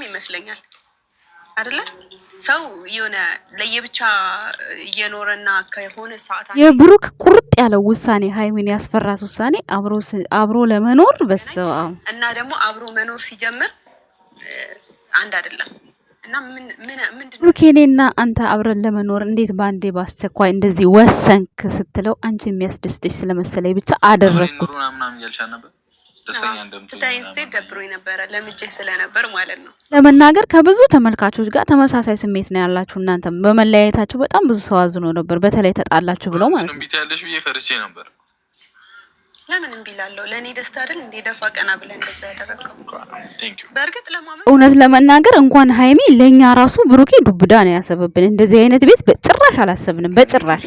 ምክንያትም ይመስለኛል። አይደለ ሰው የሆነ ለየብቻ እየኖረና ከሆነ ሰዓት የብሩክ ቁርጥ ያለው ውሳኔ ሀይሚን ያስፈራት ውሳኔ አብሮ ለመኖር በስ እና ደግሞ አብሮ መኖር ሲጀምር አንድ አይደለም እና ብሩክ እኔና አንተ አብረን ለመኖር እንዴት በአንዴ በአስቸኳይ እንደዚህ ወሰንክ ስትለው አንቺ የሚያስደስትሽ ስለመሰለኝ ብቻ አደረግኩት ምናምን እያልሻ ነበር ለመናገር ከብዙ ተመልካቾች ጋር ተመሳሳይ ስሜት ነው ያላችሁ። እናንተም በመለያየታችሁ በጣም ብዙ ሰው አዝኖ ነበር፣ በተለይ ተጣላችሁ ብሎ ማለት ነው። እምቢት ያለሽ ብዬ ፈርቼ ነበር። ለምን እምቢ እላለሁ? ለእኔ ደስታ አይደል እንዴ? ደፋ ቀና ብለህ እንደዛ ያደረገው። በእርግጥ ለማመን እውነት ለመናገር እንኳን ሀይሚ ለእኛ ራሱ ብሩኬ ዱብዳ ነው ያሰበብን። እንደዚህ አይነት ቤት በጭራሽ አላሰብንም፣ በጭራሽ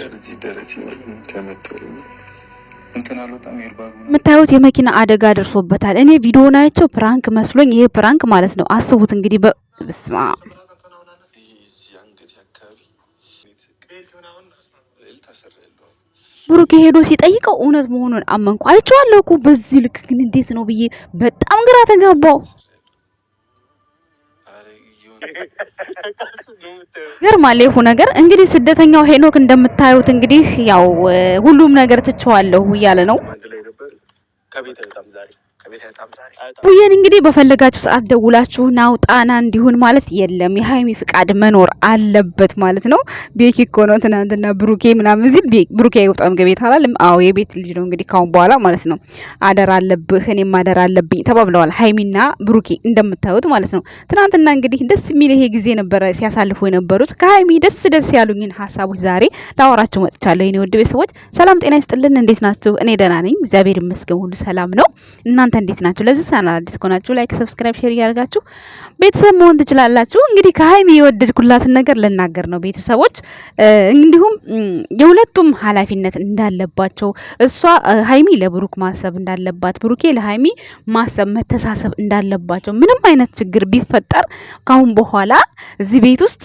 የምታዩት የመኪና አደጋ ደርሶበታል። እኔ ቪዲዮ ናያቸው ፕራንክ መስሎኝ ይሄ ፕራንክ ማለት ነው። አስቡት እንግዲህ በስማ ብሩክ ሄዶ ሲጠይቀው እውነት መሆኑን አመንኩ። አይቼዋለሁ እኮ በዚህ ልክ ግን እንዴት ነው ብዬ በጣም ግራ ተገባው? ግርማል ይሁ ነገር እንግዲህ ስደተኛው ሄኖክ እንደምታዩት እንግዲህ ያው ሁሉም ነገር ትቸዋለሁ እያለ ነው። ቡየን እንግዲህ በፈለጋችሁ ሰዓት ደውላችሁ ናውጣና እንዲሁን ማለት የለም። የሀይሚ ፍቃድ መኖር አለበት ማለት ነው። ቤኪ እኮ ነው ትናንትና ብሩኬ ምናምን ሲል ብሩኬ አይወጣም ከቤት አላለም። አዎ የቤት ልጅ ነው እንግዲህ ካሁን በኋላ ማለት ነው። አደር አለብህ እኔም አደራ አለብኝ ተባብለዋል ሀይሚና ብሩኬ እንደምታዩት ማለት ነው። ትናንትና እንግዲህ ደስ የሚል ይሄ ጊዜ ነበረ ሲያሳልፉ የነበሩት። ከሀይሚ ደስ ደስ ያሉኝን ሀሳቦች ዛሬ ላወራችሁ መጥቻለሁ። የኔ ውድ ቤተሰቦች ሰላም ጤና ይስጥልን። እንዴት ናችሁ? እኔ ደህና ነኝ፣ እግዚአብሔር ይመስገን፣ ሁሉ ሰላም ነው። እናንተ እናንተ እንዴት ናችሁ? ለዚህ ቻናል አዲስ ከሆናችሁ ላይክ፣ ሰብስክራይብ፣ ሼር እያደርጋችሁ ቤተሰብ መሆን ትችላላችሁ። እንግዲህ ከሀይሚ የወደድኩላትን ነገር ልናገር ነው ቤተሰቦች፣ እንዲሁም የሁለቱም ኃላፊነት እንዳለባቸው እሷ ሀይሚ ለብሩክ ማሰብ እንዳለባት፣ ብሩኬ ለሀይሚ ማሰብ መተሳሰብ እንዳለባቸው ምንም አይነት ችግር ቢፈጠር ካሁን በኋላ እዚህ ቤት ውስጥ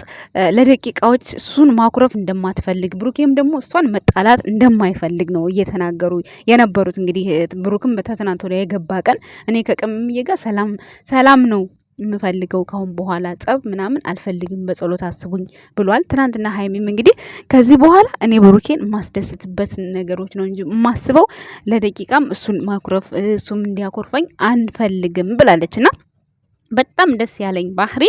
ለደቂቃዎች እሱን ማኩረፍ እንደማትፈልግ፣ ብሩኬም ደግሞ እሷን መጣላት እንደማይፈልግ ነው እየተናገሩ የነበሩት። እንግዲህ ብሩክም በተትናንቶ ላይ የገባ ቀን እኔ ከቅምዬ ጋር ሰላም ሰላም ነው የምፈልገው ከአሁን በኋላ ጸብ ምናምን አልፈልግም፣ በጸሎት አስቡኝ ብሏል። ትናንትና ሀይሚም እንግዲህ ከዚህ በኋላ እኔ ብሩኬን የማስደስትበት ነገሮች ነው እንጂ የማስበው ለደቂቃም እሱን ማኩረፍ እሱም እንዲያኮርፈኝ አንፈልግም ብላለች እና በጣም ደስ ያለኝ ባህሪ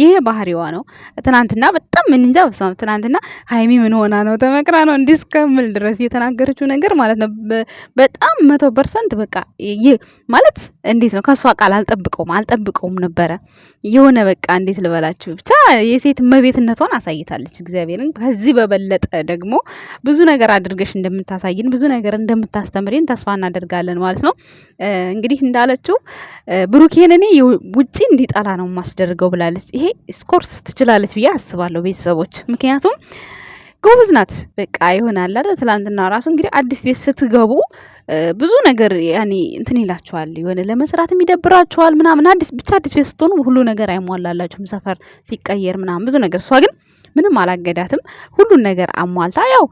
ይሄ ባህሪዋ ነው። ትናንትና በጣም ምን እንጃ በስመ ትናንትና ሀይሚ ምን ሆና ነው ተመክራ ነው እንዲህ እስከምል ድረስ የተናገረችው ነገር ማለት ነው በጣም መቶ ፐርሰንት በቃ ማለት እንዴት ነው ከእሷ ቃል አልጠብቀውም አልጠብቀውም ነበረ የሆነ በቃ እንዴት ልበላችሁ ብቻ የሴት መቤትነቷን አሳይታለች። እግዚአብሔርን ከዚህ በበለጠ ደግሞ ብዙ ነገር አድርገሽ እንደምታሳይን ብዙ ነገር እንደምታስተምሬን ተስፋ እናደርጋለን ማለት ነው። እንግዲህ እንዳለችው ብሩኬን እኔ ውጪ እንዲጠላ ነው የማስደርገው ብላለች። ይሄ ስኮርስ ትችላለች ብዬ አስባለሁ ቤተሰቦች ምክንያቱም ጎበዝ ናት። በቃ ይሆናል አይደል? ትላንትና ራሱ እንግዲህ አዲስ ቤት ስትገቡ ብዙ ነገር ያኔ እንትን ይላችኋል፣ የሆነ ለመስራት የሚደብራችኋል ምናምን። አዲስ ብቻ አዲስ ቤት ስትሆኑ ሁሉ ነገር አይሟላላችሁም፣ ሰፈር ሲቀየር ምናምን ብዙ ነገር። እሷ ግን ምንም አላገዳትም፣ ሁሉን ነገር አሟልታ ያው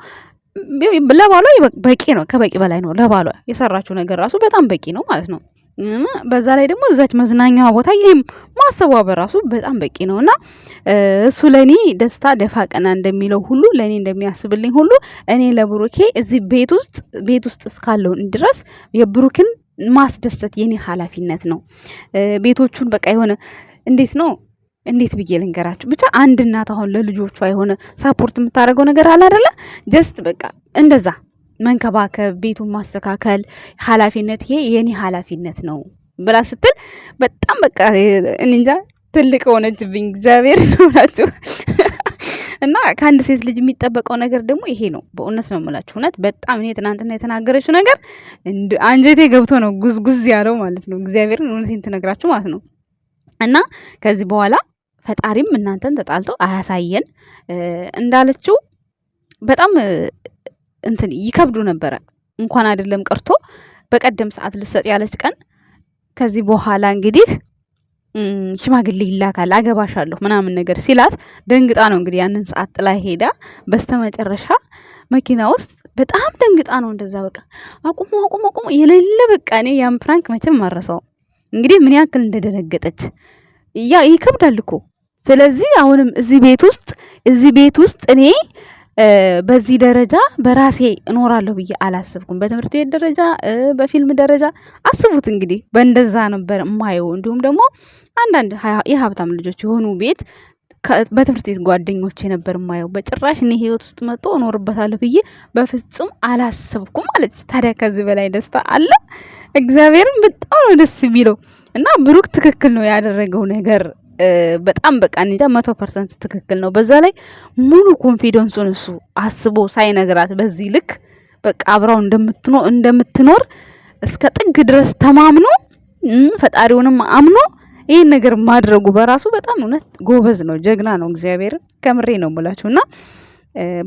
ለባሏ በቂ ነው፣ ከበቂ በላይ ነው ለባሏ የሰራችው ነገር ራሱ በጣም በቂ ነው ማለት ነው። በዛ ላይ ደግሞ እዛች መዝናኛዋ ቦታ ይህም ማሰቧ በራሱ በጣም በቂ ነው እና እሱ ለእኔ ደስታ ደፋ ቀና እንደሚለው ሁሉ ለእኔ እንደሚያስብልኝ ሁሉ እኔ ለብሩኬ እዚህ ቤት ውስጥ ቤት ውስጥ እስካለውን ድረስ የብሩክን ማስደሰት የኔ ኃላፊነት ነው። ቤቶቹን በቃ የሆነ እንዴት ነው እንዴት ብዬ ልንገራችሁ? ብቻ አንድ እናት አሁን ለልጆቿ የሆነ ሳፖርት የምታደርገው ነገር አለ አይደለ? ጀስት በቃ እንደዛ መንከባከብ፣ ቤቱን ማስተካከል ኃላፊነት ይሄ የኔ ኃላፊነት ነው ብላ ስትል በጣም በቃ እንጃ ትልቅ ሆነችብኝ። እግዚአብሔር ነው እላችሁ እና ከአንድ ሴት ልጅ የሚጠበቀው ነገር ደግሞ ይሄ ነው። በእውነት ነው የምላችሁ። እውነት በጣም እኔ ትናንትና የተናገረችው ነገር አንጀቴ ገብቶ ነው ጉዝጉዝ ያለው ማለት ነው። እግዚአብሔርን እውነቴን ትነግራችሁ ማለት ነው። እና ከዚህ በኋላ ፈጣሪም እናንተን ተጣልቶ አያሳየን እንዳለችው በጣም እንትን ይከብዱ ነበረ። እንኳን አይደለም ቀርቶ በቀደም ሰዓት ልሰጥ ያለች ቀን ከዚህ በኋላ እንግዲህ ሽማግሌ ይላካል አገባሻለሁ ምናምን ነገር ሲላት ደንግጣ ነው እንግዲህ ያንን ሰዓት ጥላ ሄዳ፣ በስተመጨረሻ መኪና ውስጥ በጣም ደንግጣ ነው እንደዛ በቃ አቁሙ አቁሙ አቁሙ የሌለ በቃ እኔ ያን ፕራንክ መቼም ማረሰው እንግዲህ ምን ያክል እንደደነገጠች ያ ይከብዳል እኮ። ስለዚህ አሁንም እዚህ ቤት ውስጥ እዚህ ቤት ውስጥ እኔ በዚህ ደረጃ በራሴ እኖራለሁ ብዬ አላሰብኩም። በትምህርት ቤት ደረጃ፣ በፊልም ደረጃ አስቡት እንግዲህ በእንደዛ ነበር የማየው። እንዲሁም ደግሞ አንዳንድ የሀብታም ልጆች የሆኑ ቤት በትምህርት ቤት ጓደኞች ነበር የማየው። በጭራሽ እኔ ህይወት ውስጥ መጥቶ እኖርበታለሁ ብዬ በፍጹም አላሰብኩም አለች። ታዲያ ከዚህ በላይ ደስታ አለ? እግዚአብሔርን በጣም ነው ደስ የሚለው እና ብሩክ ትክክል ነው ያደረገው ነገር በጣም በቃ እንጃ መቶ ፐርሰንት ትክክል ነው። በዛ ላይ ሙሉ ኮንፊደንሱን እሱ አስቦ ሳይነግራት በዚህ ልክ በቃ አብራው እንደምትኖር እስከ ጥግ ድረስ ተማምኖ ፈጣሪውንም አምኖ ይህን ነገር ማድረጉ በራሱ በጣም እውነት ጎበዝ ነው፣ ጀግና ነው። እግዚአብሔር ከምሬ ነው የምላችሁ እና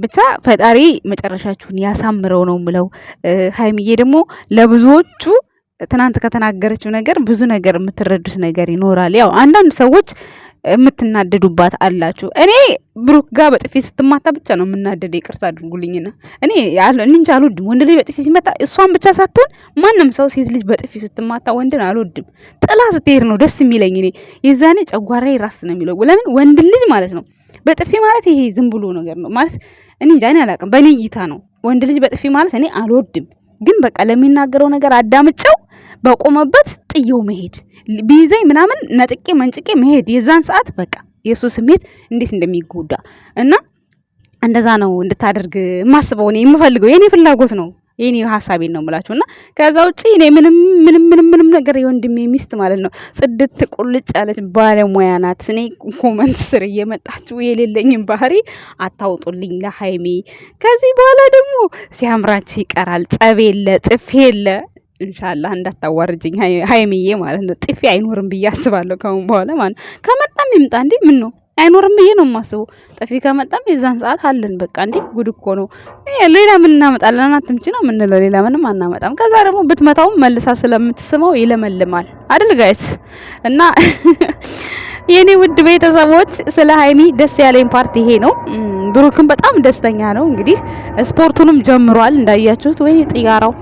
ብቻ ፈጣሪ መጨረሻችሁን ያሳምረው ነው ምለው። ሀይምዬ ደግሞ ለብዙዎቹ ትናንት ከተናገረችው ነገር ብዙ ነገር የምትረዱት ነገር ይኖራል። ያው አንዳንድ ሰዎች የምትናደዱባት አላችሁ። እኔ ብሩክ ጋር በጥፊ ስትማታ ብቻ ነው የምናደደ። ይቅርታ አድርጉልኝና እኔ እንጃ አልወድም ወንድ ልጅ በጥፊ ሲመታ። እሷን ብቻ ሳትሆን ማንም ሰው ሴት ልጅ በጥፊ ስትማታ ወንድን አልወድም። ጥላ ስትሄድ ነው ደስ የሚለኝ። እኔ የዛኔ ጨጓራዬ ራስ ነው የሚለው። ለምን ወንድ ልጅ ማለት ነው በጥፊ ማለት ይሄ ዝም ብሎ ነገር ነው ማለት እኔ እንጃ እኔ አላውቅም። በእኔ እይታ ነው ወንድ ልጅ በጥፊ ማለት እኔ አልወድም። ግን በቃ ለሚናገረው ነገር አዳምጨው በቆመበት ጥየው መሄድ ቢይዘኝ ምናምን ነጥቄ መንጭቄ መሄድ የዛን ሰዓት በቃ የእሱ ስሜት እንዴት እንደሚጎዳ እና እንደዛ ነው እንድታደርግ የማስበው እኔ የምፈልገው የእኔ ፍላጎት ነው። የኔ ሀሳቤን ነው የምላችሁ። እና ከዛ ውጭ እኔ ምንም ምንም ምንም ምንም ነገር የወንድሜ ሚስት ማለት ነው ጽድት ቁልጭ ያለች ባለሙያ ናት። እኔ ኮመንት ስር እየመጣችሁ የሌለኝን ባህሪ አታውጡልኝ ለሀይሜ። ከዚህ በኋላ ደግሞ ሲያምራችሁ ይቀራል። ጸብ የለ ጥፍ የለ ኢንሻላህ እንዳታዋርጅኝ ሀይሚዬ ማለት ነው። ጥፊ አይኖርም ብዬ አስባለሁ በኋላ ማለት ከመጣም ይምጣ እንዴ ምን ነው አይኖርም ብዬ ነው የማስበው። ጠፊ ከመጣም የዛን ሰዓት አለን። በቃ እንዴ ጉድ እኮ ነው። ሌላ ምን እናመጣለን? አትምቺ ነው የምንለው። ሌላ ምንም አናመጣም። ከዛ ደግሞ ብትመታውም መልሳ ስለምትስመው ይለመልማል አይደል ጋይስ? እና የኔ ውድ ቤተሰቦች ስለ ሀይሚ ደስ ያለኝ ፓርት ይሄ ነው። ብሩክም በጣም ደስተኛ ነው። እንግዲህ ስፖርቱንም ጀምሯል እንዳያችሁት። ወይ ጥያራው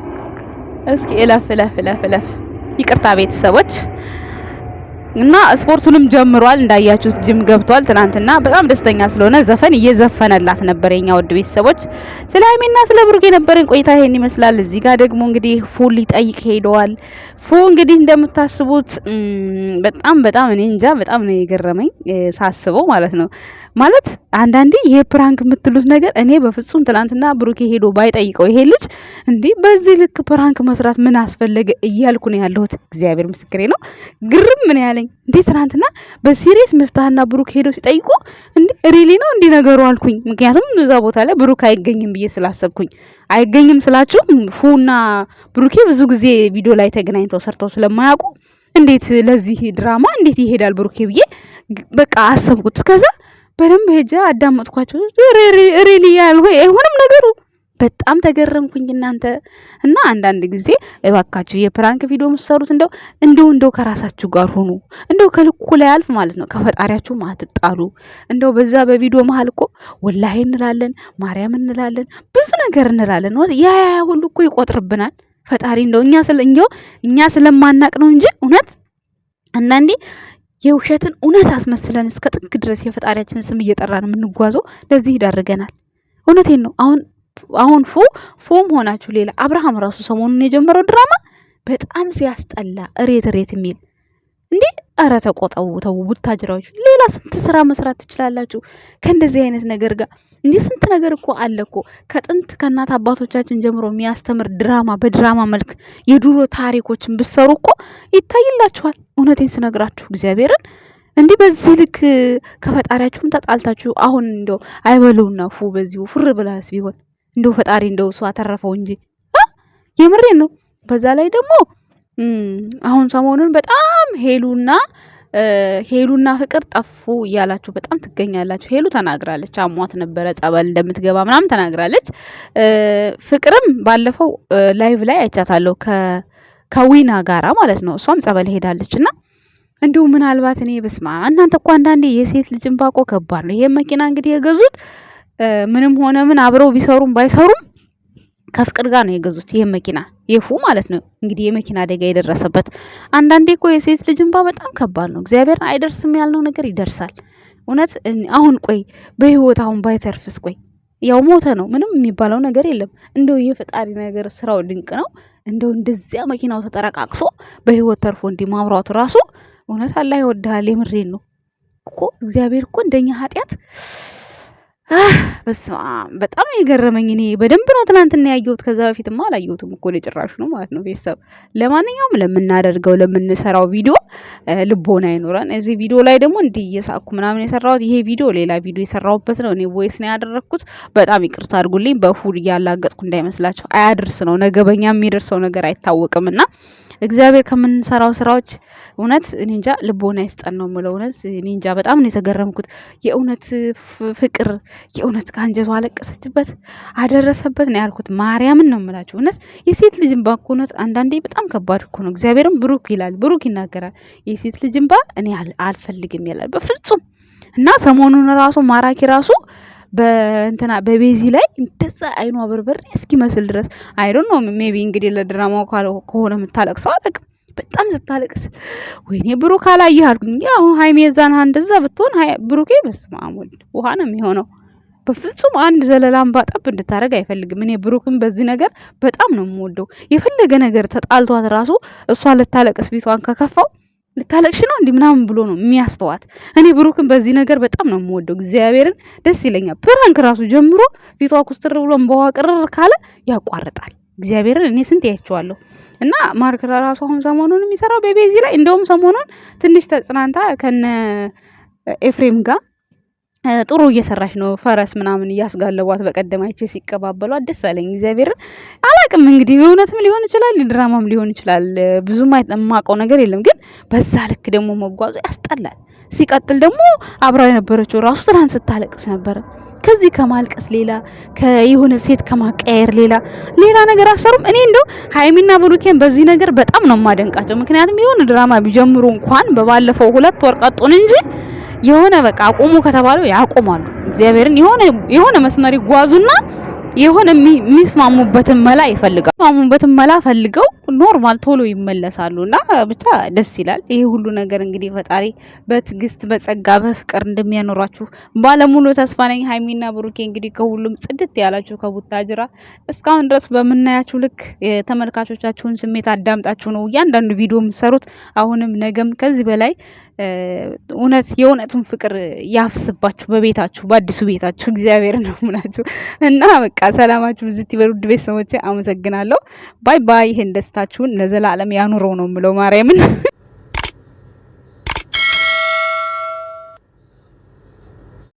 እስኪ እለፍ እለፍ እለፍ እለፍ። ይቅርታ ቤተሰቦች እና ስፖርቱንም ጀምሯል። እንዳያችሁት ጅም ገብቷል ትናንትና። በጣም ደስተኛ ስለሆነ ዘፈን እየዘፈነላት ነበር። የኛ ውድ ቤተሰቦች ስለ ሀይሜና ስለ ብሩክ የነበረን ቆይታ ይሄን ይመስላል። እዚህ ጋር ደግሞ እንግዲህ ፉ ሊጠይቅ ሄደዋል። ፉ እንግዲህ እንደምታስቡት በጣም በጣም እኔ እንጃ በጣም ነው የገረመኝ ሳስበው ማለት ነው። ማለት አንዳንዴ ይሄ ፕራንክ የምትሉት ነገር እኔ በፍጹም ትናንትና ብሩኬ ሄዶ ባይጠይቀው ይሄ ልጅ እንዲህ በዚህ ልክ ፕራንክ መስራት ምን አስፈለገ እያልኩ ነው ያለሁት። እግዚአብሔር ምስክሬ ነው። ግርም ምን ያለኝ ገረመኝ። እንዴ ትናንትና በሲሪየስ መፍታህና ብሩክ ሄደው ሲጠይቁ እንዴ ሪሊ ነው እንዲ ነገሩ አልኩኝ። ምክንያቱም እዛ ቦታ ላይ ብሩክ አይገኝም ብዬ ስላሰብኩኝ አይገኝም ስላችሁ ፉና ብሩኬ ብዙ ጊዜ ቪዲዮ ላይ ተገናኝተው ሰርተው ስለማያውቁ እንዴት ለዚህ ድራማ እንዴት ይሄዳል ብሩኬ ብዬ በቃ አሰብኩት። እስከዛ በደንብ ሄጃ አዳመጥኳቸው። ሪሊ ያልሆ አይሆንም ነገሩ በጣም ተገረምኩኝ እናንተ እና አንዳንድ ጊዜ እባካችሁ የፕራንክ ቪዲዮ የምትሰሩት እንደው እንደው እንደው ከራሳችሁ ጋር ሆኑ። እንደው ከልኩ ላይ አልፍ ማለት ነው። ከፈጣሪያችሁ አትጣሉ። እንደው በዛ በቪዲዮ መሀል እኮ ወላሂ እንላለን፣ ማርያም እንላለን፣ ብዙ ነገር እንላለን። ያ ያ ሁሉ እኮ ይቆጥርብናል ፈጣሪ። እንደው እኛ ስለ እንደው እኛ ስለማናቅ ነው እንጂ እውነት አንዳንዴ የውሸትን እውነት አስመስለን እስከ ጥግ ድረስ የፈጣሪያችንን ስም እየጠራን የምንጓዘው ለዚህ ይዳርገናል። እውነቴን ነው አሁን አሁን ፎ ፎም ሆናችሁ ሌላ አብርሃም ራሱ ሰሞኑን የጀመረው ድራማ በጣም ሲያስጠላ እሬት እሬት የሚል እንዴ! ኧረ ተቆጠቡ፣ ተው ቡታጅራዎች። ሌላ ስንት ስራ መስራት ትችላላችሁ ከእንደዚህ አይነት ነገር ጋር። እንዲህ ስንት ነገር እኮ አለ እኮ ከጥንት ከእናት አባቶቻችን ጀምሮ የሚያስተምር ድራማ፣ በድራማ መልክ የድሮ ታሪኮችን ብሰሩ እኮ ይታይላችኋል። እውነቴን ስነግራችሁ እግዚአብሔርን እንዲህ በዚህ ልክ ከፈጣሪያችሁም ተጣልታችሁ አሁን እንደው አይበሉና ፉ በዚሁ ፍር ብላስ ቢሆን እንደው ፈጣሪ እንደው እሱ አተረፈው እንጂ የምሬን ነው። በዛ ላይ ደግሞ አሁን ሰሞኑን በጣም ሄሉና ሄሉና ፍቅር ጠፉ እያላችሁ በጣም ትገኛላችሁ። ሄሉ ተናግራለች፣ አሟት ነበረ ጸበል እንደምትገባ ምናምን ተናግራለች። ፍቅርም ባለፈው ላይቭ ላይ አይቻታለሁ ከዊና ጋራ ማለት ነው። እሷም ጸበል ሄዳለች እና እንዲሁ ምናልባት እኔ በስማ እናንተ እኮ አንዳንዴ የሴት ልጅ እንባቆ ከባድ ነው። ይሄ መኪና እንግዲህ የገዙት ምንም ሆነ ምን አብረው ቢሰሩም ባይሰሩም ከፍቅር ጋር ነው የገዙት ይህ መኪና የፉ ማለት ነው እንግዲህ የመኪና አደጋ የደረሰበት። አንዳንዴ እኮ የሴት ልጅ እንባ በጣም ከባድ ነው። እግዚአብሔር አይደርስም ያልነው ነገር ይደርሳል። እውነት አሁን ቆይ በህይወት አሁን ባይተርፍስ ቆይ ያው ሞተ ነው ምንም የሚባለው ነገር የለም። እንደው የፈጣሪ ነገር ስራው ድንቅ ነው። እንደው እንደዚያ መኪናው ተጠረቃቅሶ በህይወት ተርፎ እንዲህ ማምራቱ ራሱ እውነት አላህ ይወድሃል። የምሬን ነው እኮ እግዚአብሔር እኮ እንደኛ ኃጢአት በስማ በጣም የገረመኝ እኔ በደንብ ነው ትናንትና ያየሁት። ከዛ በፊትማ አላየሁትም እኮ ጭራሹ ነው ማለት ነው። ቤተሰብ ለማንኛውም ለምናደርገው ለምንሰራው ቪዲዮ ልቦና አይኖረን። እዚህ ቪዲዮ ላይ ደግሞ እንዲህ እየሳኩ ምናምን የሰራሁት ይሄ ቪዲዮ ሌላ ቪዲዮ የሰራሁበት ነው። እኔ ቮይስ ነው ያደረግኩት። በጣም ይቅርታ አድርጉልኝ። በፉድ እያላገጥኩ እንዳይመስላችሁ፣ አያድርስ ነው ነገ በኛ የሚደርሰው ነገር አይታወቅም እና እግዚአብሔር ከምንሰራው ስራዎች እውነት ኒንጃ ልቦና ይስጠን ነው የምለው። እውነት ኒንጃ በጣም ነው የተገረምኩት። የእውነት ፍቅር የእውነት ከአንጀቷ አለቀሰችበት አደረሰበት ነው ያልኩት። ማርያምን ነው የምላችሁ። እውነት የሴት ልጅ እንባ እኮ እውነት አንዳንዴ በጣም ከባድ እኮ ነው። እግዚአብሔርም ብሩክ ይላል፣ ብሩክ ይናገራል። የሴት ልጅ እንባ እኔ አልፈልግም ይላል በፍጹም እና ሰሞኑን ራሱ ማራኪ ራሱ በእንትና በቤዚ ላይ እንደዛ አይኗ በርበሬ እስኪመስል ድረስ አይዶ ነው ሜቢ እንግዲህ ለድራማው ከሆነ የምታለቅሰው አለቅም። በጣም ስታለቅስ ወይኔ ብሩክ አላየህ አልኩኝ። ያው ሀይሜ የዛን እንደዛ ብትሆን ብሩኬ በስመ አብ ወልድ ውሃ ነው የሚሆነው። በፍጹም አንድ ዘለላ አምባጣብ እንድታደረግ አይፈልግም። እኔ ብሩክን በዚህ ነገር በጣም ነው የምወደው። የፈለገ ነገር ተጣልቷት ራሱ እሷ ልታለቅስ ቤቷን ከከፋው ልታለቅሽ ነው እንዲህ ምናምን ብሎ ነው የሚያስተዋት። እኔ ብሩክን በዚህ ነገር በጣም ነው የምወደው። እግዚአብሔርን ደስ ይለኛል። ፕራንክ ራሱ ጀምሮ ፊቷ ኩስትር ብሎ በዋቅርር ካለ ያቋርጣል። እግዚአብሔርን እኔ ስንት ያቸዋለሁ እና ማርክ ራሱ አሁን ሰሞኑን የሚሰራው በቤዚ ላይ እንደውም ሰሞኑን ትንሽ ተጽናንታ ከነ ኤፍሬም ጋር ጥሩ እየሰራች ነው። ፈረስ ምናምን እያስጋለቧት በቀደማይቼ ሲቀባበሉ ደስ አለኝ። እግዚአብሔርን አላቅም እንግዲህ እውነትም ሊሆን ይችላል፣ ድራማም ሊሆን ይችላል። ብዙም የማውቀው ነገር የለም፣ ግን በዛ ልክ ደግሞ መጓዙ ያስጠላል። ሲቀጥል ደግሞ አብራው የነበረችው ራሱ ትናንት ስታለቅስ ነበረ። ከዚህ ከማልቀስ ሌላ የሆነ ሴት ከማቀየር ሌላ ሌላ ነገር አሰሩም። እኔ እንደው ሀይሚና ብሩኬን በዚህ ነገር በጣም ነው የማደንቃቸው። ምክንያቱም የሆነ ድራማ ቢጀምሩ እንኳን በባለፈው ሁለት ወር ቀጡን እንጂ የሆነ በቃ አቁሙ ከተባሉ ያቆማሉ። እግዚአብሔርን የሆነ የሆነ መስመር ይጓዙና የሆነ የሚስማሙበትን መላ ይፈልጋሉ። የሚስማሙበትን መላ ፈልገው ኖርማል ቶሎ ይመለሳሉ እና ብቻ ደስ ይላል። ይሄ ሁሉ ነገር እንግዲህ ፈጣሪ በትግስት በጸጋ በፍቅር እንደሚያኖራችሁ ባለሙሉ ተስፋ ነኝ። ሀይሚና ብሩኬ እንግዲህ ከሁሉም ጽድት ያላችሁ ከቡታጅራ እስካሁን ድረስ በምናያችሁ ልክ ተመልካቾቻችሁን ስሜት አዳምጣችሁ ነው እያንዳንዱ ቪዲዮ የምትሰሩት። አሁንም ነገም ከዚህ በላይ እውነት የእውነቱን ፍቅር ያፍስባችሁ በቤታችሁ በአዲሱ ቤታችሁ እግዚአብሔር ነው ምናችሁ እና በቃ ሰላማችሁ ብዝት ይበሉ። ውድ ቤተሰቦቼ አመሰግናለሁ። ባይ ባይ። ይህን ደስታችሁን ለዘላለም ያኑረው ነው የምለው ማርያምን